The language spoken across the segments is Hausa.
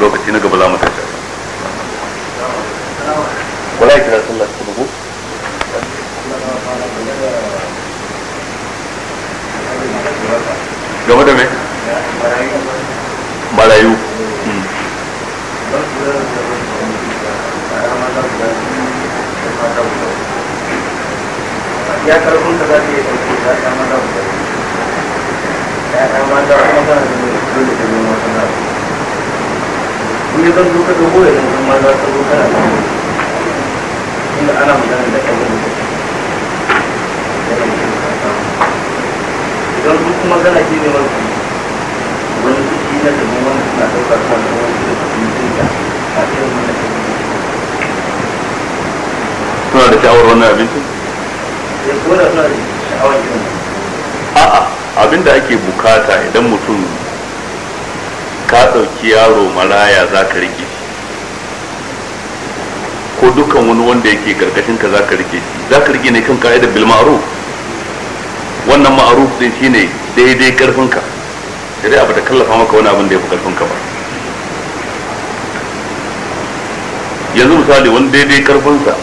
lokaci na gaba za mu tashi wala kira sallah ta bugu game da me marayu ya karfin ta za ta yi ɗauke ta ta mata wuta ya ta mata wuta ta mata wuta ta mata wuta ne zan zo ka dogo da yanzu ma za ka zo kana da inda ana magana da kai idan su kuma gana ke ne wani wani suke na da mu suna ɗaukar sa da wani da su yi a irin wani da suna da sha'awar wannan abincin? ya eh, kuma da suna da sha'awar irin a'a abin da ake bukata idan mutum ka ɗauki yaro malaya za ka rike ko dukkan wani wanda yake karkashin ka za ka rike shi za ka rike ne kan ka'idar bil ma'ruf wannan ma'ruf din shine daidai karfin ka dai abu da kallafa maka wani abin da ya fi karfin ka ba yanzu misali wani daidai karfin sa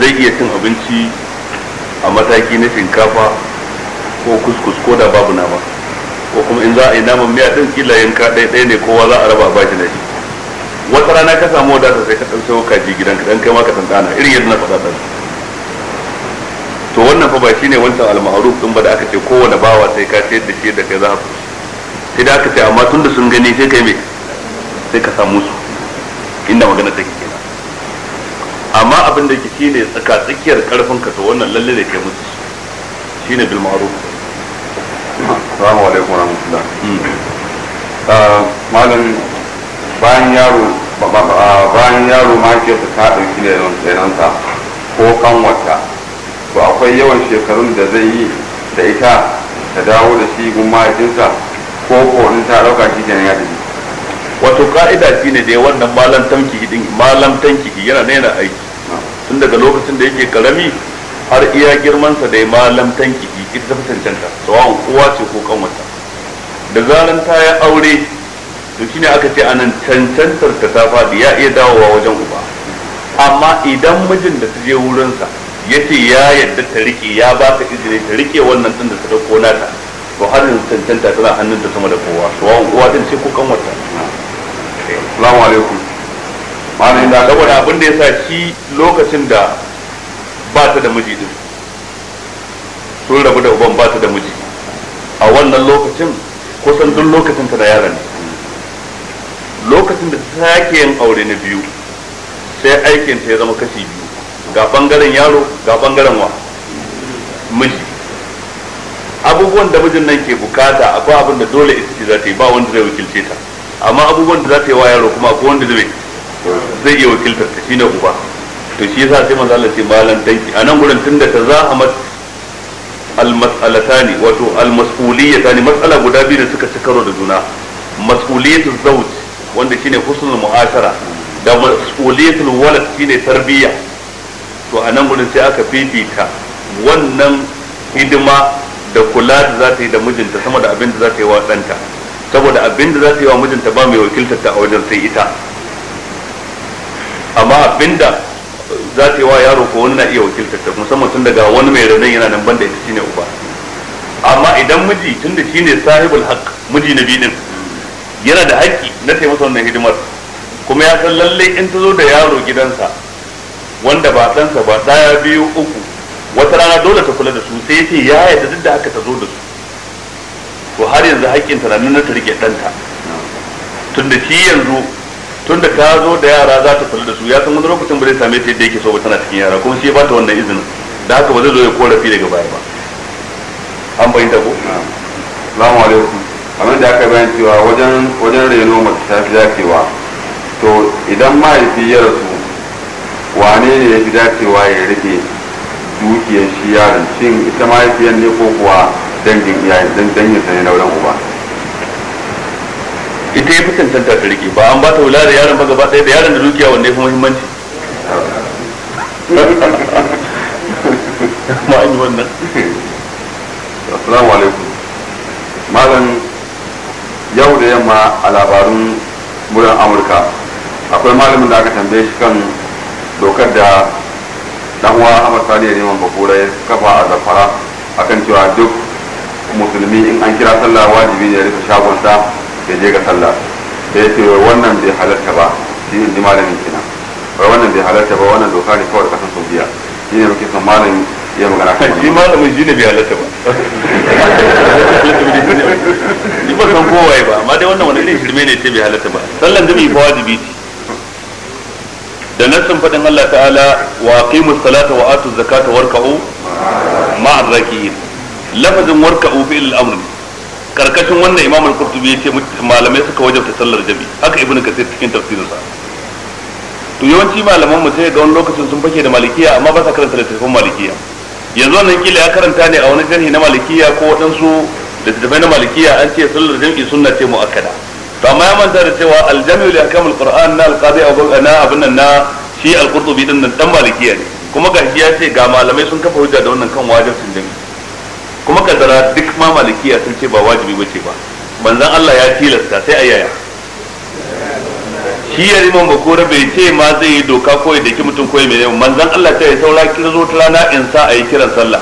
zai iya cin abinci a mataki na shinkafa ko kuskus ko da babu nama ko kuma in za a yi naman miya din kila yanka ɗaya ɗaya ne kowa za a raba ba shi na shi wata rana ka samu wadata sai ka ɗan sayo kaji gidan ka ɗan kai ma ka tantana irin yadda na faɗa ɗan to wannan fa ba shi ne wancan almaharuf ɗin ba da aka ce kowane bawa sai ka ce da shi da kai za a sai da aka ce amma tun da sun gani sai kai me sai ka samu su inda magana take kenan amma abin da ke shine tsaka tsakiyar karfin ka to wannan lalle ne kai musu shine bil ma'ruf salamu alaikum rahmatullah uh, malam bayan yaro uh, bayan yaro ma ke ta ɗauki da tsananta ko wata to akwai yawan shekarun da zai yi da ita ta dawo da shi gun mahaifinsa ko ko ta ɗauka shi ke ya tafi wato ka'ida ne dai wannan malam tanki malam yana ne aiki tun daga lokacin da yake karami har iya girmansa da malam tanki ita ta fi cancanta uwa ce ko kanwata da zaran ta ya aure to shine aka ce anan cancantar ta ta faɗi ya iya dawowa wajen uba amma idan mijin da ta je wurinsa ya ce ya yadda ta rike ya ba ta izini ta rike wannan ɗin da ta dauko nata to har yanzu cancanta tana hannun ta sama da kowa tsawon uwa din ce ko kanwata assalamu alaikum ma'ana da saboda abin da sa shi lokacin da ba ta da miji din sun rabu da uban ba ta da miji a wannan lokacin kusan duk lokacin ta da yara ne lokacin da ta yake yin aure na biyu sai aikin ta ya zama kashi biyu ga bangaren yaro ga bangaren wa miji abubuwan da mijin nan ke bukata akwai abin da dole ita za ta yi ba wanda zai wakilce ta amma abubuwan da za ta yi wa yaro kuma akwai wanda zai zai iya wakiltar ta shine uba to shi yasa sai manzo Allah ce malan danki anan gurin tunda ta za a almas'alatani wato almas'uliyatani mas'ala guda biyu da suka ci karo da juna mas'uliyatul zawj wanda shine husnul mu'ashara da mas'uliyatul walad shine tarbiyya to anan gurin sai aka fifita wannan hidima da kula da za ta yi da mijinta sama da abin da za ta yi wa ɗanta saboda abin da za ta yi wa mijinta ba mai wakiltar ta a wajen sai ita amma abin da za ta yi wa yaro ko wani na iya wakiltar ta musamman tun daga wani mai raunin yana nan banda ita shine uba amma idan miji tun da shine sahibul haqq miji na bidin yana da haƙƙi na taimaka wannan hidimar kuma ya san lallai in ta zo da yaro gidansa wanda ba ɗansa ba ɗaya biyu uku wata rana dole ta kula da su sai ce ya yarda duk da haka ta zo da su to har yanzu haƙƙin ta na ta rike ɗanta tun da shi yanzu tunda ta zo da yara za ta kula da su ya san wani lokacin ba zai same ta yadda yake so ba tana cikin yara kuma shi ba ta wannan izinin da haka ba zai zo ya korafi daga baya ba an bayyana ko salamu alaikum kamar da aka bayan cewa wajen wajen reno mace ta fi dacewa to idan mahaifi ya rasu wane ne ya fi dacewa ya rike dukiyar shi yaron shin ita mahaifiyar ne ko kuwa dangin iyayen dangin sa ne na wurin uba ita ya fi cancanta ta rike ba an ba ta wula da yaron ba gaba ɗaya da yaron da dukiya wanda ya fi muhimmanci ma an yi wannan assalamu alaikum malam yau da yamma a labarun muran amurka akwai malamin da aka tambaye shi kan dokar da dan uwa Ahmad Sani ya neman bakura ya kafa a zafara akan cewa duk musulmi in an kira sallah wajibi ne ya rufe shagonsa ya je ga sallah ya ce wannan bai halarta ba shi ne malamin kenan wai wannan bai halarta ba wannan doka ne kawai kasan saudiya shi ne muke son malamin ya magana kan shi malamin shi ne bai halarta ba ni ba san kowaye ba amma dai wannan wani ne shirme ne ce bai halarta ba sallan da mai fa wajibi ce da nassin faɗin Allah ta'ala wa aqimus salata wa atuz zakata warka'u ma'ar raki'in lafazin warka'u fi'il al-amr karkashin wannan imam al-qurtubi yace malamai suka wajabta sallar jami haka ibnu kasir cikin tafsirinsa to yawanci malaman mu sai ga wani lokacin sun fake da malikiya amma ba sa karanta littattafan malikiya yanzu wannan kila ya karanta ne a wani jarhi na malikiya ko waɗansu littattafai na malikiya an ce sallar jami'i sunna ce muakkada to amma ya manta da cewa al-jami'u li ahkamil qur'an na al-qadi abu na abin nan na shi al-qurtubi din nan dan malikiya ne kuma gashi ya ce ga malamai sun kafa hujja da wannan kan wajibin jami'i kuma kaddara duk ma malikiya sun ce ba wajibi bace ba manzon Allah ya tilasta sai a yaya shi ya ba ko bai ce ma zai yi doka koyi da ki mutum koyi mai manzon Allah ta yi saura kira zo ta rana in sa a yi kiran sallah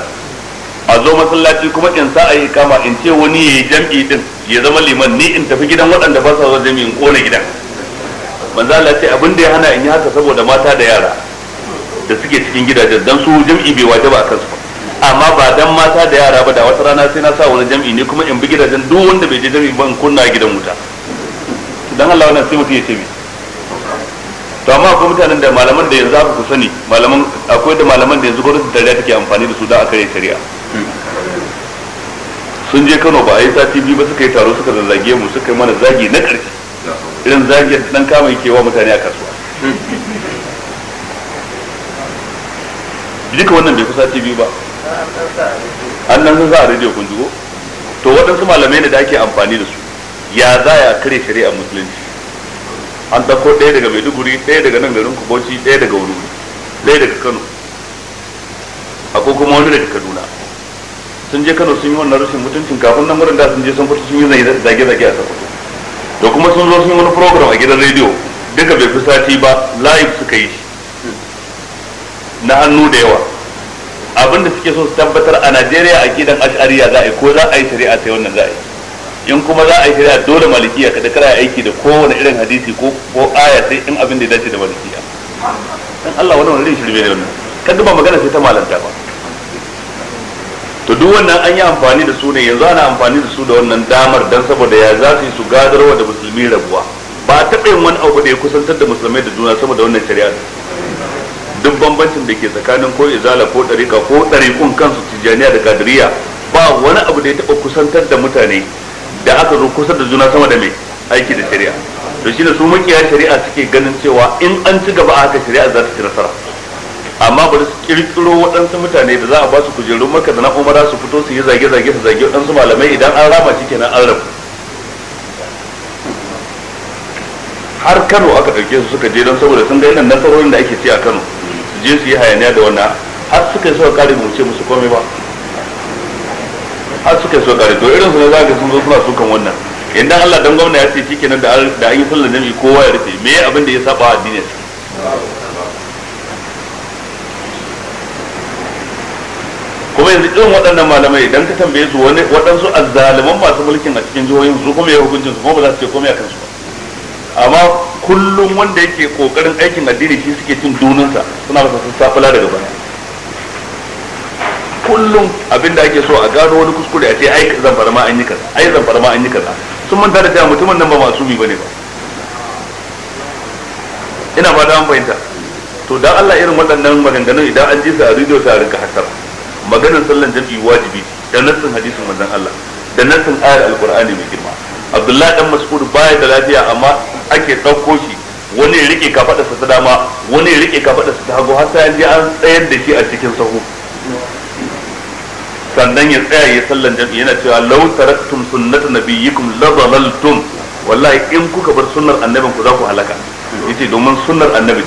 a zo masallaci kuma in sa a yi kama in ce wani ya yi jam'i din ya zama liman ni in tafi gidan waɗanda ba sa zo jam'i in kona gidan manzon Allah ce abin da ya hana in yi haka saboda mata da yara da suke cikin gidajen dan su jam'i bai wajaba a kansu ba amma ba dan mata da yara ba da wata rana sai na sa wani jam'i ne kuma in bi gidajen duk wanda bai je jam'i ba in kunna gidan wuta dan Allah wannan sai mutum ya ce mi to amma akwai mutanen da malaman da yanzu aka ku sani malaman akwai da malaman da yanzu gwamnatin tarayya take amfani da su da aka yi shari'a sun je Kano ba a yi sati biyu ba suka yi taro suka zazzage mu suka yi mana zagi na ƙarfi irin zagi da dan kama yake wa mutane a kasuwa duka wannan bai kusa sati biyu ba an nan za a rediyo kun jigo to waɗansu malamai ne da ake amfani da su ya za a kare shari'ar musulunci an ɗauko ɗaya daga maiduguri ɗaya daga nan garin kuboci ɗaya daga wuri ɗaya daga kano akwai kuma wani daga kaduna sun je kano sun yi wannan rashin mutuncin kafin nan murin da sun je sun fito sun yi zage-zage a sakoto da kuma sun zo sun yi wani program a gidan rediyo duka bai fi sati ba live suka yi na hannu da yawa abin da suke so su tabbatar a Najeriya a gidan ash'ariya za a yi ko za a yi shari'a sai wannan za a yi in kuma za a yi shari'a dole malikiya kada ya aiki da kowane irin hadisi ko ko aya sai in abin da ya dace da malikiya dan Allah wannan wani shirme ne wannan kada ba magana sai ta malanta ba to duk wannan an yi amfani da su ne yanzu ana amfani da su da wannan damar dan saboda ya za su yi su gadarwa da musulmi rabuwa ba taɓa yin wani abu da ya kusantar da musulmai da juna saboda wannan shari'a duk bambancin da ke tsakanin ko izala ko ɗarika ko ɗarikun kansu tijjaniya da kadiriya ba wani abu da ya taɓa kusantar da mutane da aka zo kusa da juna sama da mai aiki da shari'a to shine su makiya shari'a suke ganin cewa in an ci gaba haka shari'a za ta ci nasara amma bari su kirkiro waɗansu mutane da za a ba su kujeru maka da na umara su fito su yi zage-zage su zage waɗansu malamai idan an rama shi kenan an rabu har kano aka ɗauke su suka je don saboda sun ga yanar nasarorin da ake ci a kano je su yi hayaniya da wannan har suka yi suka kare mu ce musu komai ba har suka yi suka kare to irin su ne za sun zo suna sukan wannan idan Allah dan gwamna ya ce shikenan da da an yi sallar jami'i kowa ya rufe me abin da ya saba addinin kuma yanzu irin waɗannan malamai idan ka tambaye su wani waɗansu azzaliman masu mulkin a cikin jihohin su kuma ya hukuncin su kuma ba za su ce komai a kansu ba amma kullum wanda yake kokarin aikin addini shi suke cin dununsa suna masa sun safula daga baya kullum abin da ake so a gano wani kuskure a ce ai zan fara ma an yi kaza ai zan fara ma an yi kaza sun manta da cewa mutumin nan ba masu bi bane ba ina ba da an fahimta to dan Allah irin waɗannan maganganun idan an ji su a rediyo sai a rinka hasar maganar sallan jami'i wajibi da nassin hadisin manzon Allah da nassin ayar alqur'ani mai girma Abdullahi dan Mas'ud baya da lafiya amma ake ɗauko shi wani ya rike kafaɗarsa ta dama wani ya rike kafaɗarsa ta hagu har sai an je an tsayar da shi a cikin sahu sannan ya tsaya ya sallan jami'i yana cewa law taraktum sunnat nabiyikum la dalaltum wallahi in kuka bar sunnar annabin ku za ku halaka yace domin sunnar annabi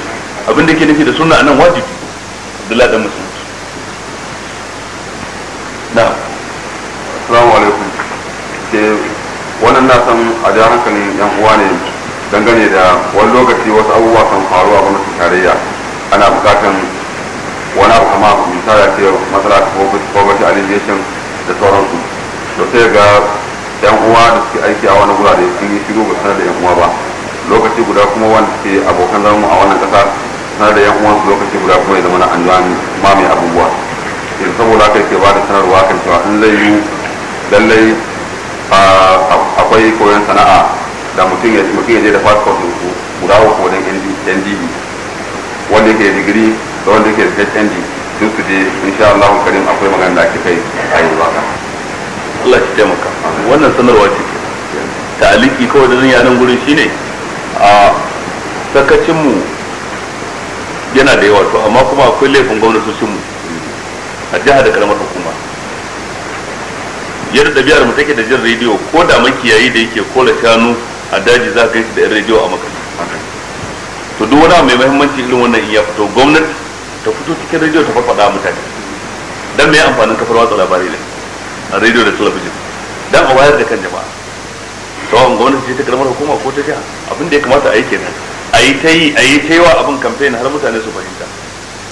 abin da ke nufi da sunna anan wajibi Abdullahi dan Musa na assalamu alaikum ke wannan na san a hankali yan uwa ne dangane da wani lokaci wasu abubuwa kan a gwamnati tarayya ana bukatan wani abu kama abu misali ce matsala ta poverty alleviation da sauransu to sai ga yan uwa da suke aiki a wani gurare sun yi shigo ba sanar da yan uwa ba lokaci guda kuma wanda suke abokan zama a wannan kasa sanar da yan uwan lokaci guda kuma ya zama na anjuwan mamaye abubuwa yanzu saboda haka yake ba da sanarwa kan cewa in zai yi lallai ah, akwai koyon sana'a da mutum ya mutum ya je da passport din ku mu dawo ko dan NDB wanda yake digiri da wanda yake da HND duk su je insha Allah karim akwai magana da kai a yi baka Allah ki taimaka wannan sanarwa ce ta'aliki kawai da zan yi nan gurin shine a sakacinmu yana da yawa to amma kuma akwai laifin gwamnatocinmu a jiha da karamar hukuma yadda ɗabi'ar biyar mu take da jin rediyo ko da makiyayi da yake kola shanu a daji za ka yi da yan rediyo a maka to duk wani mai mahimmanci irin wannan iya ya fito gwamnati ta fito cikin rediyo ta farfada mutane dan me amfanin kafar watsa labarai ne a rediyo da talabijin dan a wayar da kan jama'a To an gwamnati ce ta karamar hukuma ko ta jiha abin da ya kamata a yi kenan a yi ta yi a yi ta yi wa abin kamfen har mutane su fahimta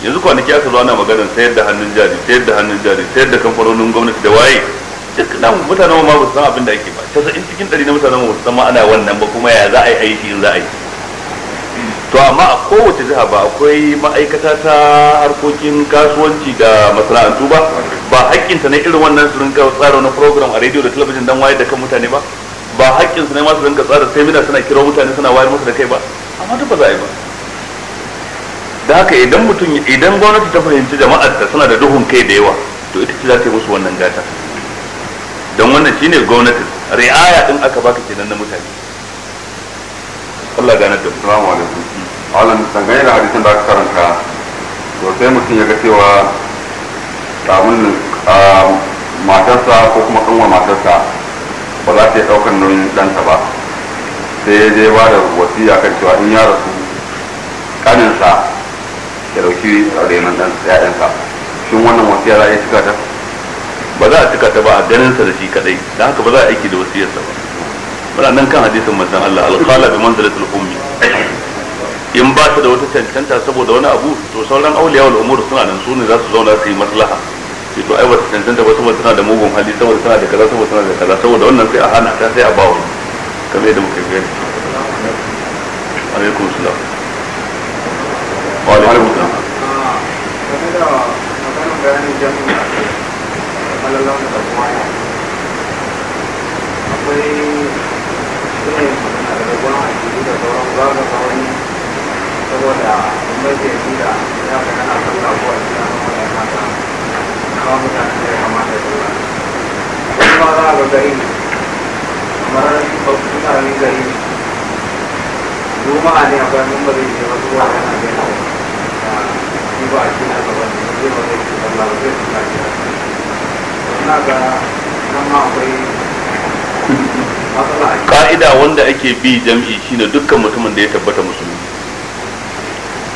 yanzu kwanaki aka zo ana maganar sayar da hannun jari sayar da hannun jari sayar da kamfanonin gwamnati da waye duk nan mutanen ma ba su san abin da ake ba in cikin ɗari na mutanen ba su san ma ana wannan ba kuma ya za a yi aiki in za a yi to amma a kowace jiha ba akwai ma'aikata ta harkokin kasuwanci da masana'antu ba ba ta ne irin wannan su rinka tsara wani program a rediyo da talabijin don wayar da kan mutane ba ba su ne ma su rinka tsara semina suna kira mutane suna wayar musu da kai ba amma duk ba za a yi ba da haka idan mutum idan gwamnati ta fahimci jama'ar ta suna da duhun kai da yawa to ita ce za ta yi musu wannan gata don wannan shine gwamnatin ri'aya din aka baka kenan na mutane Allah gane da assalamu alaikum alan dangane da hadisin da aka karanta to sai mutum ya ga cewa a matarsa ko kuma kanwa matarsa ba za ta yi daukar nauyin danta ba sai dai ba da wasiya kan cewa in ya rasu kaninsa ya dauki renon ɗansa ya'yansa shin wannan wasiya za a cika ta ba za a cika ta ba a ganin sa da shi kadai da haka ba za a aiki da wasiyarsa ba muna nan kan hadisin manzon Allah alqala bi manzilatil ummi in ba ta da wata cancanta saboda wani abu to sauran auliya wal umur suna nan su ne za su zauna su yi maslaha sai to ai wata cancanta ba saboda tana da mugun hali saboda tana da kaza saboda tana da kaza saboda wannan sai a hana ta sai a ba wani kamar yadda muka gani alaikum salam wa alaikum salam lalau da waya akwai shine da ruwan ajiyu da sauran zaga ga wani saboda in bai da yi da ya ga kana son labuwa da ya kama da kasa kawo mutane da ya kamata da ruwa wani ma za a ga gari kamar mutane gari juma'a ne akwai mun ba zai je wasu ruwa yana gani da shi ba a shi na gaban da zai ba zai ci sallah ba zai ci lafiya ka'ida wanda ake bi jam'i shine dukkan mutumin da ya tabbata musulmi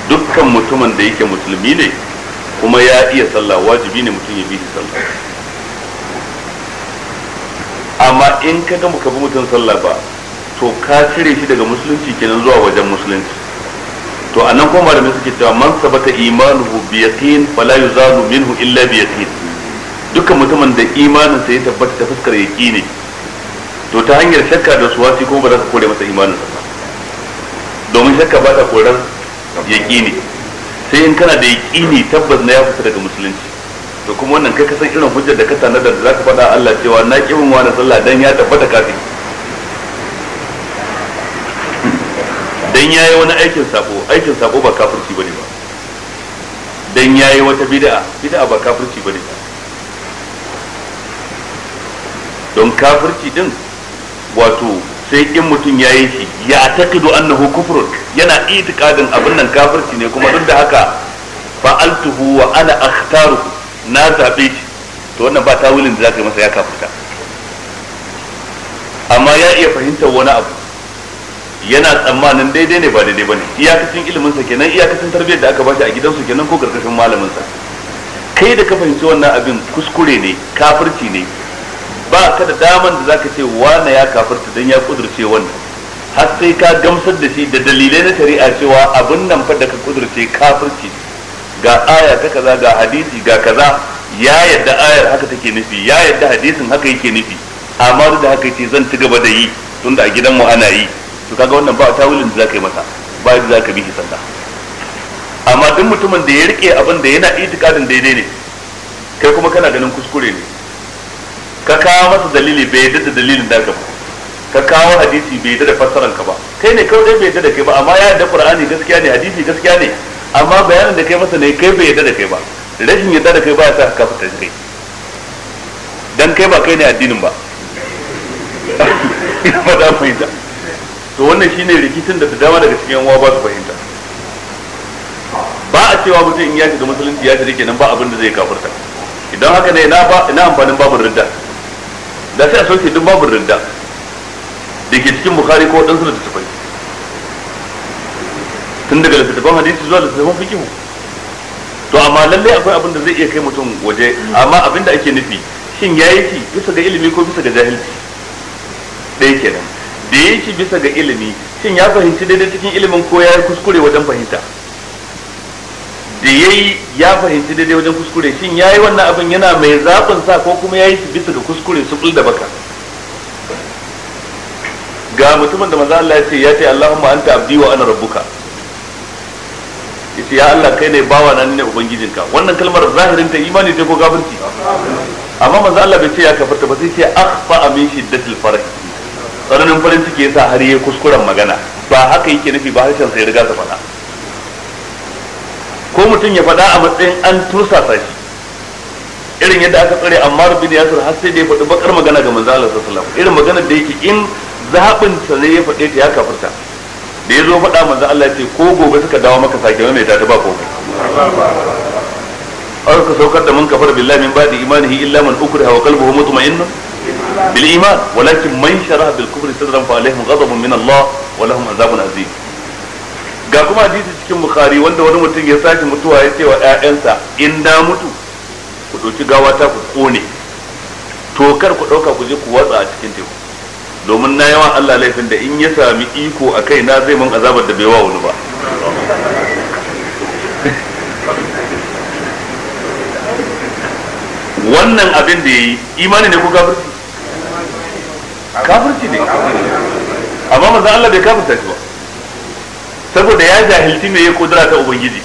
dukkan mutumin da yake musulmi ne kuma ya iya sallah wajibi ne mutum ya bi shi sallah amma in ka ga muka bi mutum sallah ba to ka cire shi daga musulunci kenan zuwa wajen musulunci to anan kuma malamin suke cewa man sabata imanuhu bi yaqin fala yuzalu minhu illa bi yaqin dukkan mutumin da imanin sa ya tabbata ta fuskar ne to ta hanyar shakka da suwasi kuma ba za ka kore masa imanin sa domin shakka ba ta koran ne sai in kana da ya ne tabbas na ya fita daga musulunci to kuma wannan kai ka san irin hujjar da ka tana da za ka faɗa Allah cewa na min wani sallah dan ya tabbata kafi dan ya yi wani aikin sako aikin sako ba kafirci bane ba dan ya yi wata bid'a bid'a ba kafirci bane ba don kafirci din wato sai in mutum ya yi shi ya takidu annahu kufrun yana itikadin abin nan kafirci ne kuma duk da haka fa'altuhu wa ana akhtaruhu na zaɓe shi to wannan ba wulin da ka yi masa ya kafirta amma ya iya fahimtar wani abu yana tsammanin daidai ne ba daidai bane iyakacin ilimin sa kenan iyakacin tarbiyyar da aka bashi a gidansu kenan ko karkashin malamin sa kai da ka fahimci wannan abin kuskure ne kafirci ne ba ka da daman da zaka ce wane ya kafirta dan ya kudurce wannan har sai ka gamsar da shi da dalilai na shari'a cewa abin nan fa da ka kudurce kafirci ga aya ta kaza ga hadisi ga kaza ya yadda ayar haka take nufi ya yadda hadisin haka yake nufi amma duk da haka yace zan ci gaba da yi tunda a gidanmu ana yi to kaga wannan ba tawilin da zaka yi masa ba yadda zaka bi shi sallah amma duk mutumin da ya rike abin da yana itikadin daidai ne kai kuma kana ganin kuskure ne ka kawo masa dalili bai yadda da dalilin da ka ba ka kawo hadisi bai yadda da fassaran ka ba kai ne kawai dai bai yadda da kai ba amma ya yadda qur'ani gaskiya ne hadisi gaskiya ne amma bayanin da kai masa ne kai bai yadda da kai ba rashin yadda da kai ba ya sa ka fita kai dan kai ba kai ne addinin ba ba da fahimta to wannan shine rikicin da ta dama daga cikin wa ba su fahimta ba a cewa mutum in ya shiga musulunci ya shiga kenan ba abin da zai kafurta idan haka ne ina amfanin babu ridda da sai a sauke duk babu ridda da ke cikin bukari ko waɗansu littattafai tun daga littattafan hadisi zuwa littattafan fikihu to amma lallai akwai abin da zai iya kai mutum waje amma abin da ake nufi shin ya yi ci bisa ga ilimi ko bisa ga jahilci yake kenan da ya yi ci bisa ga ilimi shin ya fahimci daidai cikin ilimin ko ya yi kuskure wajen fahimta da ya yi ya fahimci daidai wajen kuskure shin ya yi wannan abin yana mai zaɓin sa ko kuma ya yi su bisa ga kuskure su da baka ga mutumin da maza Allah ya ce ya ce Allahumma anta abdi wa ana rabbuka yace ya Allah kai ne bawa na ne ubangijinka wannan kalmar zahirin ta imani ce ko kafirci amma maza Allah bai ce ya kafarta ba sai ce akhfa min shiddatil farah tsananin farin ciki yasa har yayi kuskuren magana ba haka yake nufi ba harshen sai riga ta faɗa ko mutum ya faɗa a matsayin an tursasa shi irin yadda aka tsare amma bin yasir har sai da ya faɗi bakar magana ga manzo Allah sallallahu alaihi irin magana da yake in zaɓin sa ne ya faɗe ta ya kafirta da ya zo faɗa manzo Allah ce ko gobe suka dawo maka sake mai ta ta ba ko aw ka saukar da mun kafar billahi min ba'di imanihi illa man ukriha wa qalbuhu mutma'innun bil iman walakin man shara bil kufri sadran fa alaihim ghadabun min Allah wa lahum azabun azim ga kuma hadisi cikin bukhari wanda wani mutum ya sashi mutuwa ya ce wa ƴaƴansa in na mutu ku ɗauki gawa ta ku kone to kar ku ɗauka ku je ku watsa a cikin teku domin na yawan Allah laifin da in ya sami iko a kai na zai mun azabar da bai wa wani ba wannan abin da ya yi imani ne ko kafirci kafirci ne amma manzo Allah bai kafirta shi ba saboda ya jahilci me ya kudura ta ubangiji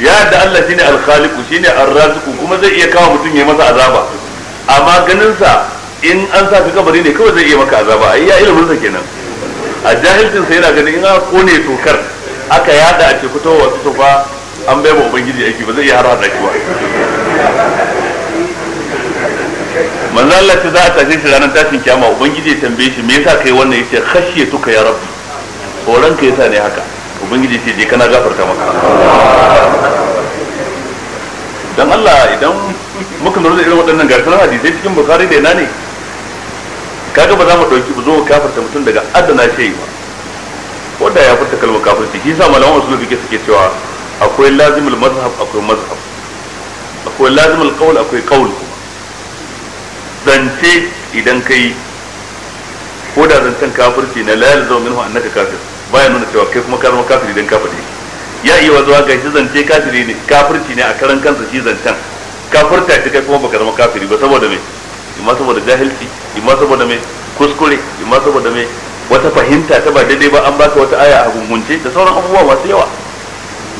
ya da Allah shine al-khaliqu shine ar-raziqu kuma zai iya kawo mutum ya masa azaba amma ganin sa in an sa ka kabari ne kawai zai iya maka azaba ai ya ilimin sa kenan a jahilcin sa yana ganin in aka kone tokar aka yada a cikin fitowa wasu to fa an bai wa ubangiji aiki ba zai iya harhaɗa ki ba manzo Allah ta za a tashe shi ranar tashin kiyama ubangiji ya tambaye shi me yasa kai wannan yace khashiyatuka ya rabbi tsoron ka yasa ne haka ubangiji ce je kana gafarta maka dan Allah idan muka nuna irin waɗannan garkar hadisai cikin bukari da yana ne kaga ba za mu ɗauki zo mu kafarta mutum daga adana shi ba ko da ya furta kalmar kafirci shi sa malaman usul fiqh suke cewa akwai lazimul mazhab akwai mazhab akwai lazimul qaul akwai qaul zance idan kai ko da zancen kafirci na la yalzamu minhu annaka kafir baya nuna cewa kai kuma ka zama kafiri dan kafiri ya iya wazuwa ga shi zance kafiri ne kafirci ne a karan kansa shi zancen kafirta shi kai kuma baka zama kafiri ba saboda me imma saboda jahilci imma saboda me kuskure imma saboda me wata fahimta ta ba daidai ba an baka wata aya a gungunce da sauran abubuwa masu yawa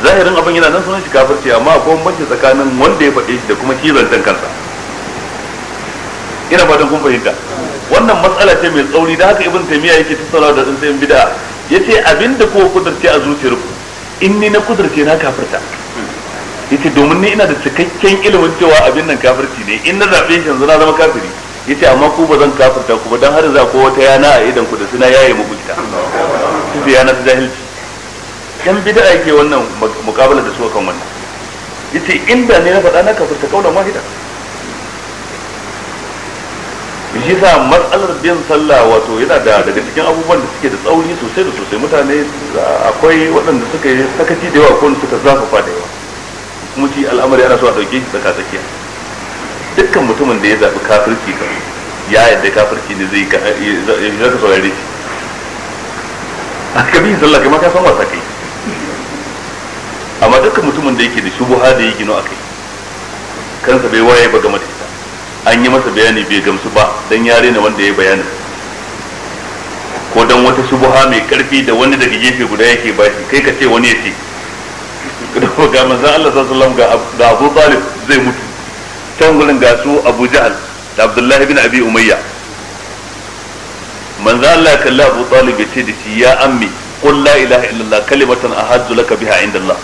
zahirin abin yana nan sunan shi kafirci amma akwai bambanci tsakanin wanda ya faɗe shi da kuma shi zancen kansa ina fatan kun fahimta wannan matsala ce mai tsauri da haka ibn taymiya yake tattaunawa da tsintsiyin bid'a ya abin abinda kowa kudurce a zuciyar ku in ni na kudurce na kafirta ce domin ni ina da cikakken ilimin cewa abin nan kafirci ne in na zaɓe shi yanzu na zama kafiri ce amma ku ba zan kafirta ku ba dan har za ko wata yana a idan ku da suna yaye muku ita su yana su jahilci yan bid'a ake wannan mukabala da su kan wannan ce inda ne na faɗa na kafirta ma wahida shi sa matsalar bin sallah wato yana da daga cikin abubuwan da suke da tsauri sosai da sosai mutane akwai waɗanda suka yi sakaci da yawa ko suka zafafa da yawa kuma shi al'amari ana so a ɗauke shi tsaka tsakiya dukkan mutumin da ya zaɓi kafirci kan ya yadda kafirci ne zai ka saurare shi a ka bi sallah kai ma ka san wasa kai amma dukkan mutumin da yake da shubuha da yake no kai kansa bai waye ba ga da an yi masa bayani bai gamsu ba dan yare rena wanda ya bayanin ko dan wata subuha mai karfi da wani daga gefe guda yake ba shi kai ka ce wani ya ce ga manzon Allah sallallahu alaihi wasallam ga Abu Talib zai mutu can gurin ga su Abu Jahal da Abdullahi bin Abi Umayya manzon Allah kalla Abu Talib ya ce da shi ya ammi qul la ilaha illallah kalimatan ahaddu laka biha inda Allah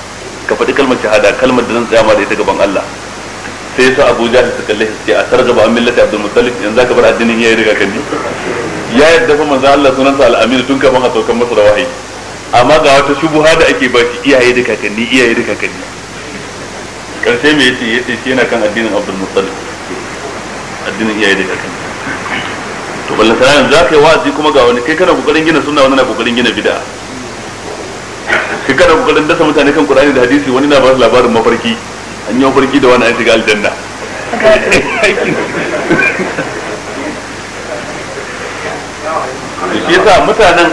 ka faɗi kalmar shahada kalmar da zan tsaya ma da ita gaban Allah sai su Abu jahil suka kalle shi a targaba amin lati Abdul mutalif yanzu aka bar addinin yi riga kan ya yadda fa manzo Allah sunansa al-Amin tun kafin a saukar masa da wahayi amma ga wata shubuha da ake ba shi iyaye da kakanni iyaye da kakanni karshe me yace yace shi yana kan addinin Abdul mutalif addinin iyaye da kakanni to wallahi sai yanzu aka yi wa'azi kuma ga wani kai kana kokarin gina sunna wani na kokarin gina bid'a kai kana kokarin dasa mutane kan Qur'ani da hadisi wani na ba su labarin mafarki an yi farki da wani an shiga aljanna shi yasa mutanen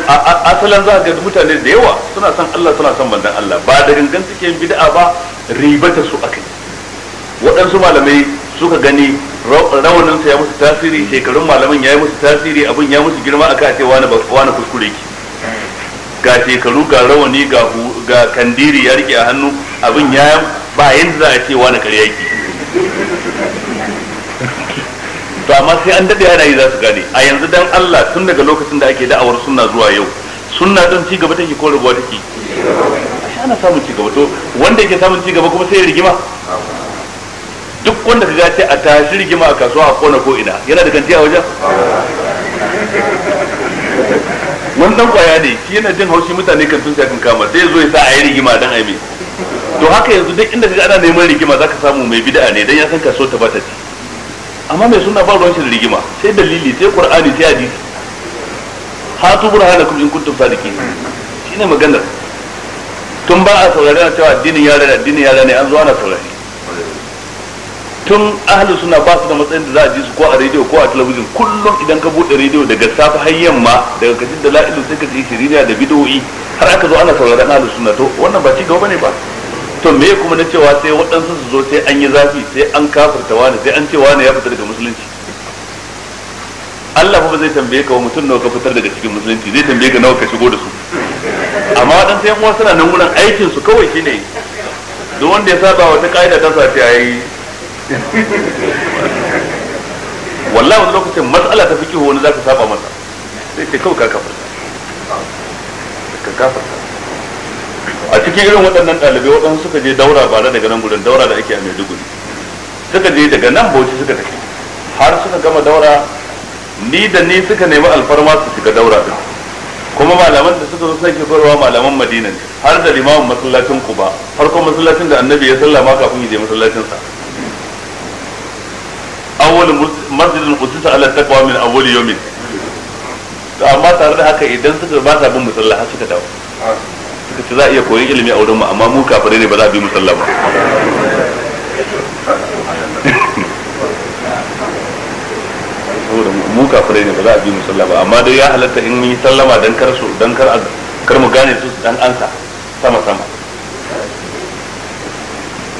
asalin za ga mutane da yawa suna son Allah suna son bandan Allah ba da gangan suke yin bid'a ba ribata su kai waɗansu malamai suka gani rawanin ya musu tasiri shekarun malaman ya yi musu tasiri abin ya musu girma a kace wani wani kuskure ki ga shekaru ga rawani ga ga kandiri ya rike a hannu abin ya ba yanzu za a ce wani kare yaki to amma sai an daɗe yana yi za su gane a yanzu dan Allah tun daga lokacin da ake da'awar sunna zuwa yau sunna don ci gaba take ko rabuwa take ana samun ci gaba to wanda yake samun ci gaba kuma sai ya rigima duk wanda ka ce a tashi rigima a kasuwa a kona ko ina yana da a wajen wani dan kwaya ne shi yana jin haushi mutane kan sun kan kama sai ya zo ya sa a yi rigima dan aibe to haka yanzu duk inda kaga ana neman rigima zaka samu mai bid'a ne dan ya san kaso ta bata ci amma mai suna ba ruwan shi da rigima sai dalili sai qur'ani sai hadisi hatu burhanakum in kuntum sadiqin shine maganar tun ba a saurari na cewa addinin yara da addinin yara ne an zo ana saurari tun ahalin suna ba su da matsayin da za a ji su ko a rediyo ko a talabijin kullum idan ka buɗe rediyo daga safe har yamma daga kacin da la'ilu sai ka ji shirina da bidoyi har aka zo ana saurari ahalin suna to wannan ba ci gaba ne ba to me kuma na cewa sai waɗansu su zo sai an yi zafi sai an kafirta wani sai an ce wani ya fita daga musulunci Allah ba zai tambaye ka wa mutum nawa ka fitar daga cikin musulunci zai tambaye ka nawa ka shigo da su amma waɗansu yan uwa suna nan wurin aikin su kawai shi ne duk wanda ya saba wata ka'ida ta sa ta yi wallahi wani lokacin matsala ta fi fikihu wani za ka saba masa sai ce kawai ka kafirta ka kafirta a cikin irin waɗannan ɗalibai waɗansu suka je daura ba daga nan gudun daura da ake a maiduguri suka je daga nan bauchi suka tafi har suka gama daura ni da ni suka nemi alfarma su shiga daura din kuma malaman da suka zo sai ke koyarwa malaman madina ne har da limamin masallacin ku ba farkon masallacin da annabi ya sallama kafin ya je masallacin sa awwal masjidin qudus ala taqwa min awwal yawmin to amma tare da haka idan suka ba ta bin masallaci suka dawo suka ce za a iya koyi ilimi a wurin mu amma mu kafirai ne ba za a bi mu sallah ba saboda mu kafirai ne ba za a bi mu sallah ba amma dai ya halatta in mun yi sallama dan kar su dan kar kar mu gane su dan ansa sama sama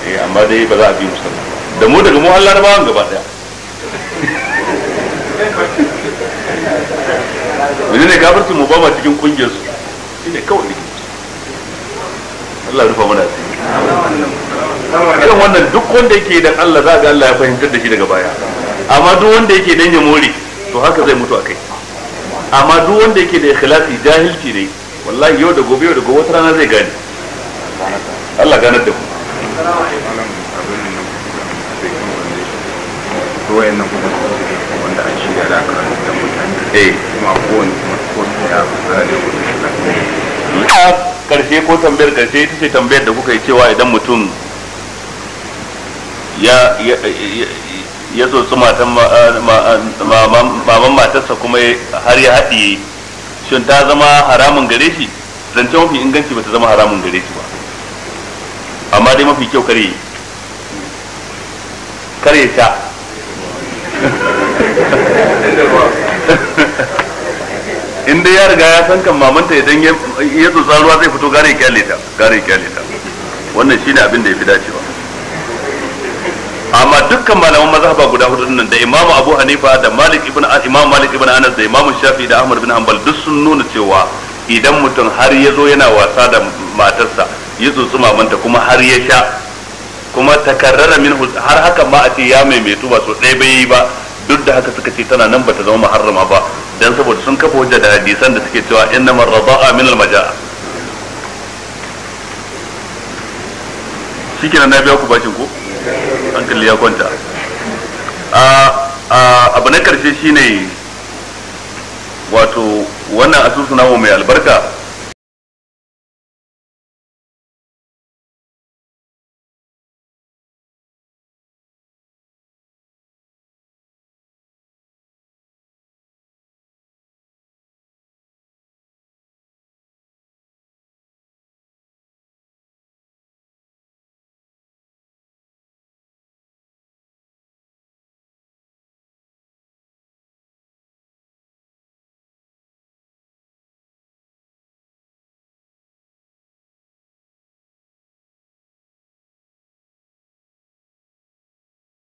eh amma dai ba za a bi mu sallah da mu daga mu Allah na bawan gaba daya ne kafircin mu ba ma cikin kungiyar su shine kawai Allah rufa mana asiri irin wannan duk wanda yake dan Allah za ga Allah ya fahimtar da shi daga baya amma duk wanda yake dan ya more to haka zai mutu a kai amma duk wanda yake da ikhlasi jahilci ne wallahi yau da gobe yau da gobe wata rana zai gane Allah ganar da ku ruwayan wanda an shirya da aka da mutane kuma kowane kuma kowane ya fara da wani karshe ko tambayar karshe ita ce tambayar da kuka yi cewa idan mutum ya ya tsotsi matan maman matarsa kuma har ya haɗiye shin ta zama haramun gare shi zance mafi inganci bata zama haramun gare shi ba amma dai mafi kyau kare kare ta in dai ya riga ya san kan mamanta idan ya tsotsa ruwa zai fito gare kyale ta gare kyale ta wannan shine abin da fi dacewa amma dukkan malaman mazhaba guda hudu nan da Imam Abu Hanifa da Malik ibn Imam Malik ibn Anas da Imam Shafi da Ahmad bin Hanbal duk sun nuna cewa idan mutum har ya zo yana wasa da matarsa ya tsotsi mamanta kuma har ya sha kuma takarrara min har haka ma a ce ya maimaitu ba so ɗaya bai yi ba duk da haka suka ce tana nan bata zama muharrama ba dan saboda sun kafa hujja da hadisan da suke cewa innamar rada'a min al-maja'a shikenan na biya ku bashin ku hankali ya kwanta a abu na karshe shine wato wannan asusu namu mai albarka